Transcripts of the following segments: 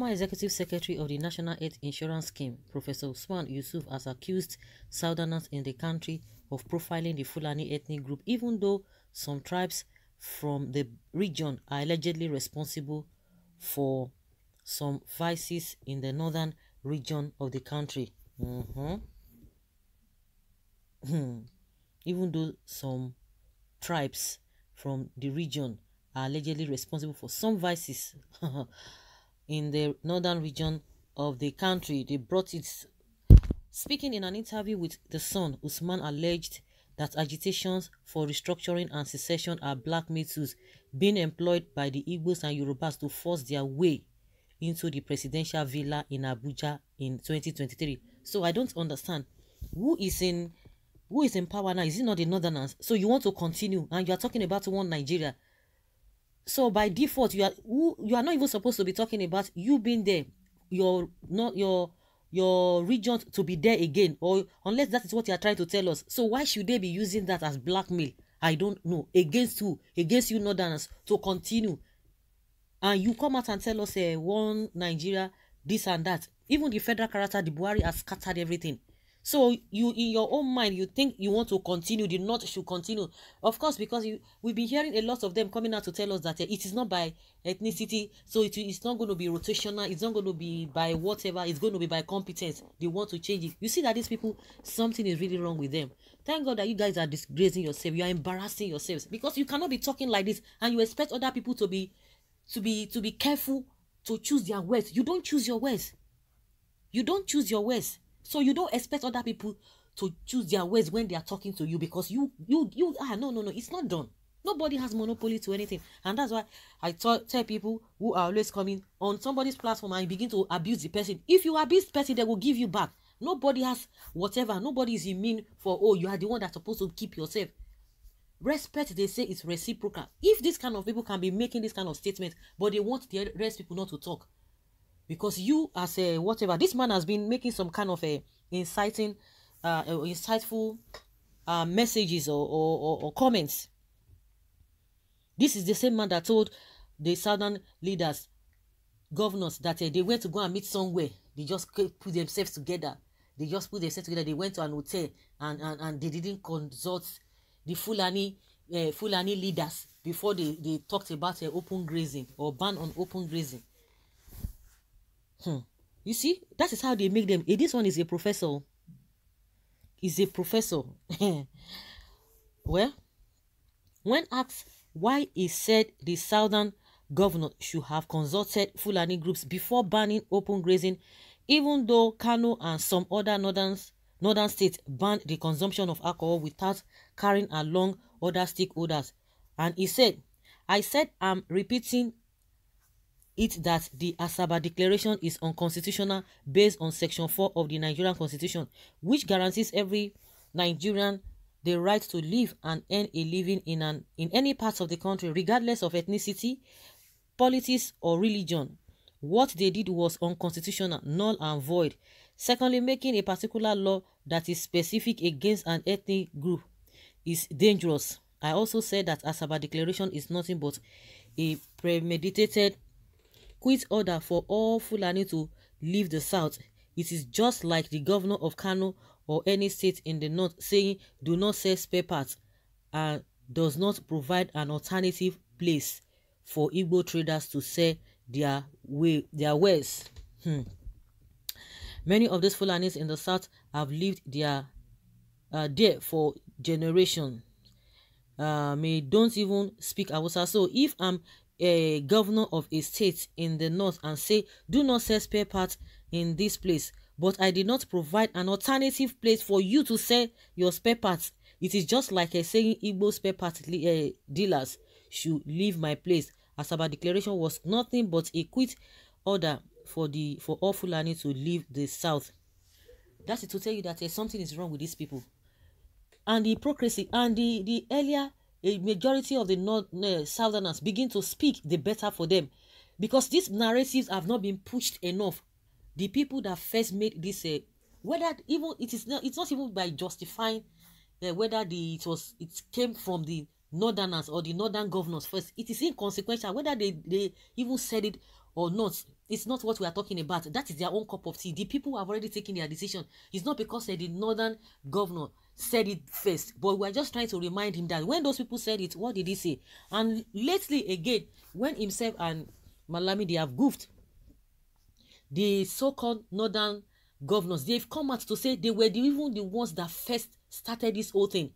Former Executive Secretary of the National Health Insurance Scheme, Professor Usman Yusuf, has accused Southerners in the country of profiling the Fulani ethnic group, even though some tribes from the region are allegedly responsible for some vices in the northern region of the country. Mm -hmm. even though some tribes from the region are allegedly responsible for some vices. in the northern region of the country. They brought it. Speaking in an interview with The Sun, Usman alleged that agitations for restructuring and secession are black metals being employed by the Igbos and Yorubas to force their way into the presidential villa in Abuja in 2023. So I don't understand who is in who is in power now? Is it not the northerners? So you want to continue and you are talking about one Nigeria. so by default you are who you are not even supposed to be talking about you being there your not your your region to be there again or unless that is what you are trying to tell us so why should they be using that as blackmail i don't know against who against you northerners to continue and you come out and tell us uh, one nigeria this and that even the federal character the buhari has scattered everything so you in your own mind you think you want to continue the not should continue of course because you we've been hearing a lot of them coming out to tell us that uh, it is not by ethnicity so it, it's not going to be rotational it's not going to be by whatever it's going to be by competence they want to change it you see that these people something is really wrong with them thank god that you guys are disgracing yourself you are embarrassing yourselves because you cannot be talking like this and you expect other people to be to be to be careful to choose their words you don't choose your words you don't choose your words So you don't expect other people to choose their words when they are talking to you because you you you ah no no no it's not done. Nobody has monopoly to anything, and that's why I t- tell people who are always coming on somebody's platform and begin to abuse the person. If you abuse the person, they will give you back. Nobody has whatever. Nobody is immune for oh you are the one that's supposed to keep yourself. Respect they say is reciprocal. If this kind of people can be making this kind of statement, but they want the rest people not to talk, because you as a whatever this man has been making some kind of a inciting uh, insightful uh, messages or, or, or, or comments this is the same man that told the southern leaders governors that uh, they went to go and meet somewhere they just put themselves together they just put themselves together they went to an hotel and and, and they didn't consult the fulani uh, fulani leaders before they, they talked about uh, open grazing or ban on open grazing Hmm. You see, that is how they make them. Eh, this one is a professor. Oh. Is a professor. well, when asked why he said the southern governor should have consulted Fulani groups before banning open grazing, even though Kano and some other northern, northern states banned the consumption of alcohol without carrying along other stakeholders. And he said, I said I'm repeating it that the Asaba Declaration is unconstitutional based on Section 4 of the Nigerian Constitution, which guarantees every Nigerian the right to live and earn a living in, an, in any part of the country, regardless of ethnicity, politics, or religion. What they did was unconstitutional, null and void. Secondly, making a particular law that is specific against an ethnic group is dangerous. I also said that Asaba Declaration is nothing but a premeditated quit order for all Fulani to leave the south. It is just like the governor of Kano or any state in the north saying do not sell spare parts and does not provide an alternative place for Igbo traders to sell their way their wares. Hmm. Many of these Fulanis in the south have lived their uh, there for generations. Uh, may don't even speak Hausa. So if I'm a governor of a state in the north and say, do not sell spare parts in this place, but I did not provide an alternative place for you to sell your spare parts. It is just like a eh, saying Igbo spare parts uh, dealers should leave my place. Asaba declaration was nothing but a quit order for the for all Fulani to leave the south. That's it to tell you that uh, something is wrong with these people. And the hypocrisy and the, the earlier a majority of the north eh, uh, southerners begin to speak the better for them because these narratives have not been pushed enough the people that first made this uh, whether even it is not it's not even by justifying uh, whether the it was it came from the northerners or the northern governors first it is inconsequential whether they they even said it or not it's not what we are talking about that is their own cup of tea the people have already taken their decision it's not because uh, the northern governor said it first but we are just trying to remind him that when those people said it what did he say and lately again when himself and malami they have goofed the so-called northern governors they've come out to say they were the, even the ones that first started this whole thing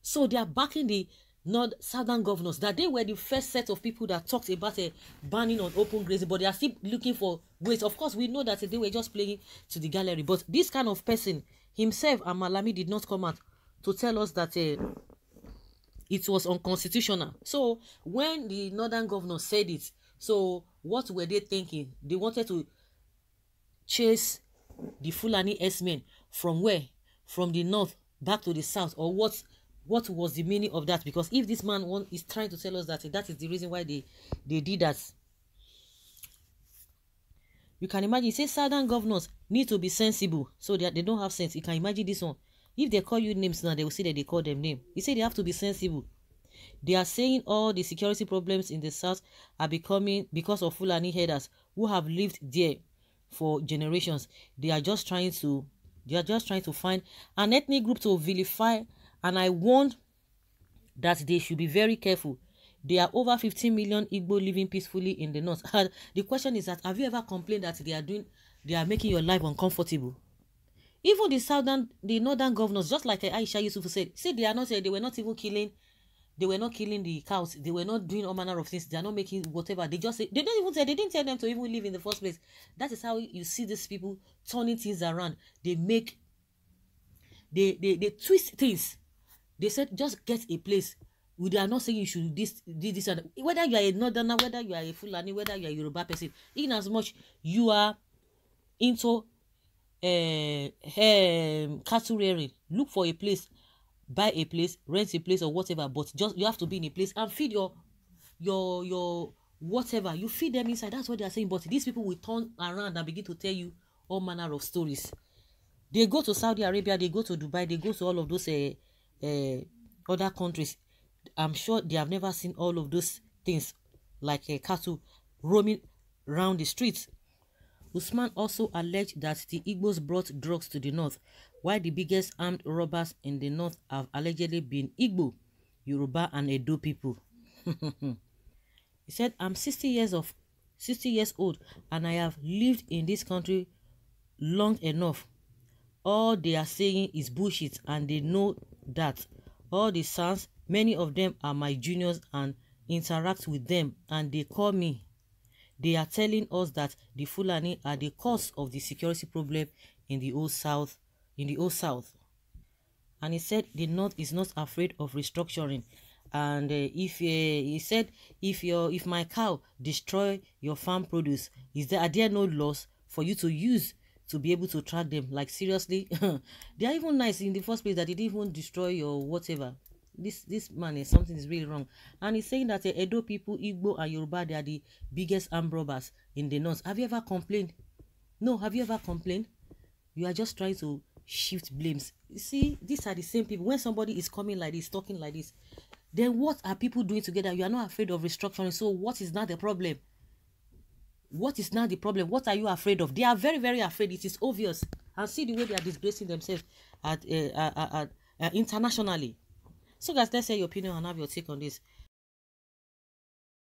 so they are backing the north southern governors that they were the first set of people that talked about a eh, banning on open grazing but they are still looking for ways of course we know that eh, they were just playing to the gallery but this kind of person Himself and Malami did not come out to tell us that uh, it was unconstitutional. So when the northern governor said it, so what were they thinking? They wanted to chase the Fulani s from where? From the north back to the south or what what was the meaning of that because if this man want, is trying to tell us that eh, that is the reason why they they did that You can imagine, say southern governors need to be sensible so that they don't have sense. You can imagine this one. If they call you names now, they will say that they call them name. You say they have to be sensible. They are saying all the security problems in the south are becoming because of Fulani headers who have lived there for generations. They are just trying to they are just trying to find an ethnic group to vilify and I warned that they should be very careful There are over 15 million Igbo living peacefully in the north. the question is that have you ever complained that they are doing they are making your life uncomfortable? Even the southern the northern governors, just like Aisha Yusuf said, see they are not they were not even killing they were not killing the cows, they were not doing all manner of things, they are not making whatever. They just say they don't even say they didn't tell them to even live in the first place. That is how you see these people turning things around. They make they they, they twist things. They said just get a place they are not saying you should this this this and whether you are a northerner whether you are a fulani whether you are a yoruba person in as much you are into uh, um, cattle rearing look for a place buy a place rent a place or whatever but just you have to be in a place and feed your your your whatever you feed them inside that's what they are saying but these people will turn around and begin to tell you all manner of stories they go to saudi arabia they go to dubai they go to all of those uh, uh, other countries I'm sure they have never seen all of those things like a cattle roaming round the streets. Usman also alleged that the Igbos brought drugs to the north, while the biggest armed robbers in the north have allegedly been Igbo, Yoruba, and Edo people. he said, I'm 60 years of 60 years old and I have lived in this country long enough. All they are saying is bullshit and they know that. All the sons Many of them are my juniors and interact with them and they call me. They are telling us that the Fulani are the cause of the security problem in the old south in the old south. And he said the north is not afraid of restructuring and uh, if uh, he said if your if my cow destroy your farm produce is there are there no laws for you to use to be able to track them like seriously they are even nice in the first place that they even destroy your whatever this this man is something is really wrong and he's saying that the eh, edo people igbo and yoruba they are the biggest arm robbers in the north have you ever complained no have you ever complained you are just trying to shift blames you see these are the same people when somebody is coming like this talking like this then what are people doing together you are not afraid of restructuring so what is now the problem what is now the problem what are you afraid of they are very very afraid it is obvious and see the way they are disgracing themselves at uh, uh, internationally So guys, let's say your opinion and have your take on this.